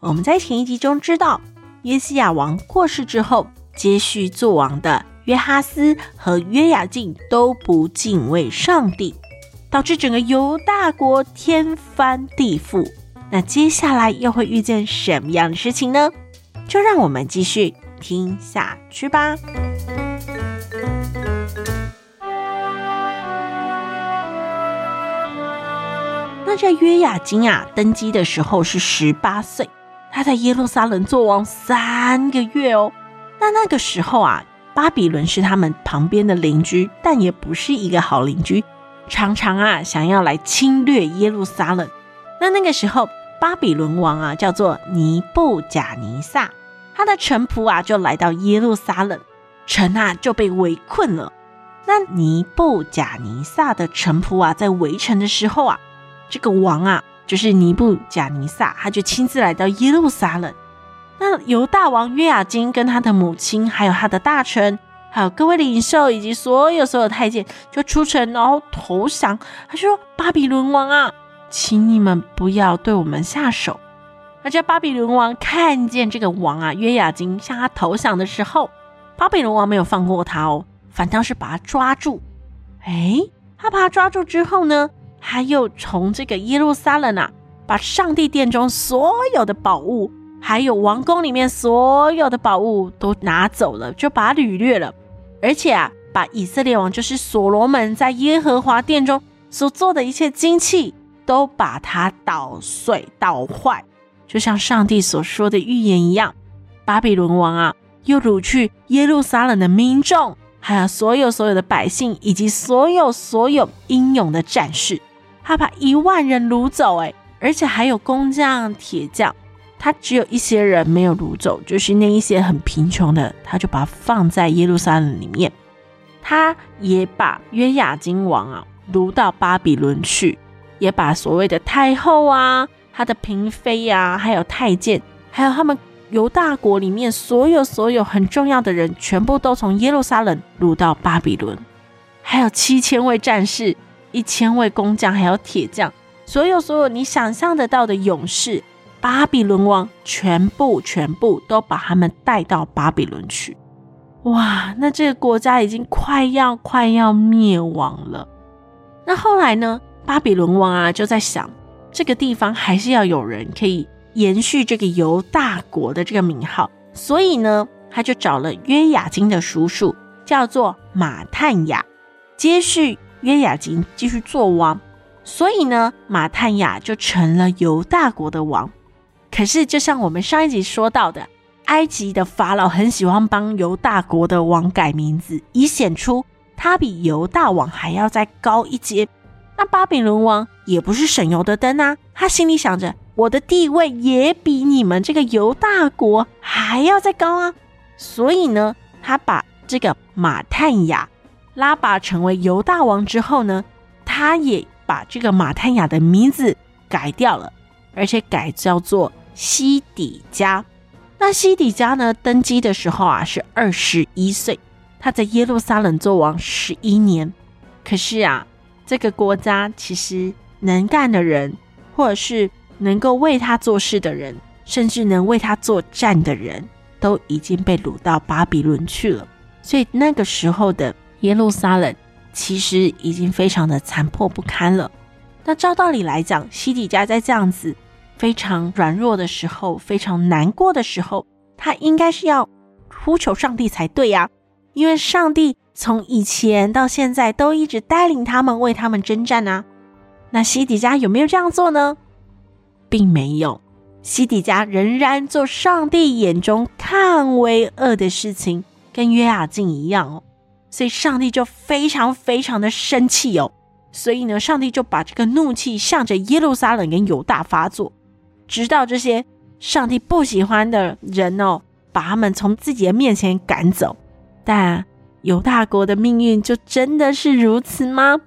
我們在前一集中知道，約西亞王過世之後，接續做王的約哈斯和約雅敬都不敬畏上帝，導致整個猶大國天翻地覆。那接下來又會遇見什麼樣的事情呢？就讓我們繼續聽下去吧。那在約雅斤啊登基的時候是十八歲。他在耶路撒冷做王三個月哦，那那個時候啊，巴比倫是他們旁邊的鄰居，但也不是一個好鄰居，常常啊想要來侵略耶路撒冷。那那個時候，巴比倫王啊叫做尼布甲尼撒，他的臣僕啊就來到耶路撒冷，城啊就被圍困了。那尼布甲尼撒的臣僕啊，在圍城的時候啊，這個王啊。就是尼布甲尼撒，他就親自來到耶路撒冷。那猶大王約雅斤跟他的母親，還有他的大臣，還有各位領袖，以及所有所有太監，就出城，然後投降。他說：“巴比倫王啊，請你們不要對我們下手。”那這巴比倫王看見這個王啊，約雅斤向他投降的時候，巴比倫王沒有放過他哦，反倒是把他抓住。誒，他把他抓住之後呢？他又從這個耶路撒冷啊，把上帝殿中所有的寶物，還有王宮裡面所有的寶物都拿走了，就把它擄掠了。而且啊，把以色列王就是所羅門在耶和華殿中所做的一切金器都把它搗碎搗壞，就像上帝所說的預言一樣。巴比倫王啊，又擄去耶路撒冷的民眾，還有所有所有的百姓，以及所有所有英勇的戰士。他把一萬人擄走，欸，哎，而且還有工匠、鐵匠，他只有一些人沒有擄走，就是那一些很貧窮的，他就把他放在耶路撒冷裡面。他也把約雅斤王啊擄到巴比倫去，也把所謂的太後啊、他的嬪妃呀、啊、還有太監，還有他們猶大國裡面所有所有很重要的人，全部都從耶路撒冷擄到巴比倫，還有七千位戰士，一千位工匠，還有鐵匠，所有所有你想象得到的勇士，巴比倫王全部全部都把他們帶到巴比倫去。哇，那這個國家已經快要快要滅亡了。那後來呢？巴比倫王啊就在想，這個地方還是要有人可以延續這個猶大國的這個名號，所以呢，他就找了約雅斤的叔叔，叫做馬探雅，接續。約雅斤繼續做王，所以呢，馬探雅就成了猶大國的王。可是，就像我們上一集說到的，埃及的法老很喜歡幫猶大國的王改名字，以顯出他比猶大王還要再高一階。那巴比倫王也不是省油的燈啊，他心裡想着，我的地位也比你們這個猶大國還要再高啊，所以呢，他把這個馬探雅。拉巴成為猶大王之後呢，他也把這個馬太雅的名字改掉了，而且改叫做西底家。那西底家呢，登基的時候啊是二十一歲，他在耶路撒冷做王十一年。可是啊，這個國家其實能幹的人，或者是能夠為他做事的人，甚至能為他作戰的人都已經被擄到巴比倫去了。所以那個時候的。耶路撒冷其實已經非常的殘破不堪了。那照道理來講，西底家在這樣子非常軟弱的時候，非常難過的時候，他應該是要呼求上帝才對呀啊。因為上帝從以前到現在都一直帶領他們為他們征戰啊。那西底家有沒有這樣做呢？並沒有，西底家仍然做上帝眼中看為惡的事情，跟約雅敬一樣哦。所以上帝就非常非常的生氣哦，所以呢，上帝就把這個怒氣向着耶路撒冷跟猶大發作，直到這些上帝不喜歡的人哦，把他們從自己的面前趕走。但、啊、猶大國的命運就真的是如此嗎？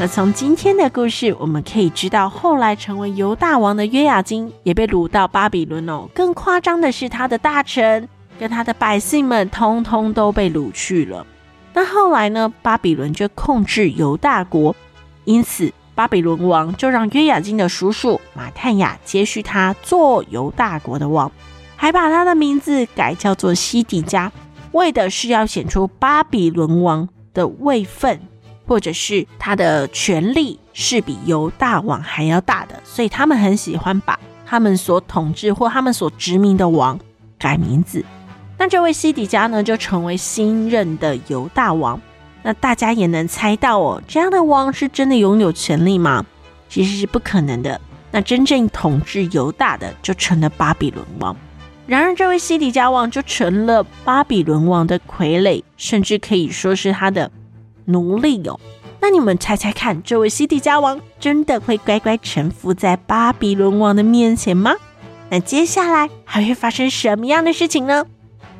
那從今天的故事，我們可以知道，後來成為猶大王的約雅斤也被擄到巴比倫哦。更誇張的是，他的大臣。跟他的百姓們通通都被擄去了。那後來呢？巴比倫就控制猶大國，因此巴比倫王就讓約雅斤的叔叔馬探雅接續他做猶大國的王，還把他的名字改叫做西底家，為的是要顯出巴比倫王的位份，或者是他的權力是比猶大王還要大的。所以他們很喜歡把他們所統治或他們所殖民的王改名字。那這位西底家呢，就成為新任的猶大王。那大家也能猜到哦，這樣的王是真的擁有權力嗎？其實是不可能的。那真正統治猶大的就成了巴比倫王。然而，這位西底家王就成了巴比倫王的傀儡，甚至可以說是他的奴隸哦。那你們猜猜看，這位西底家王真的會乖乖臣服在巴比倫王的面前嗎？那接下來還會發生什麼樣的事情呢？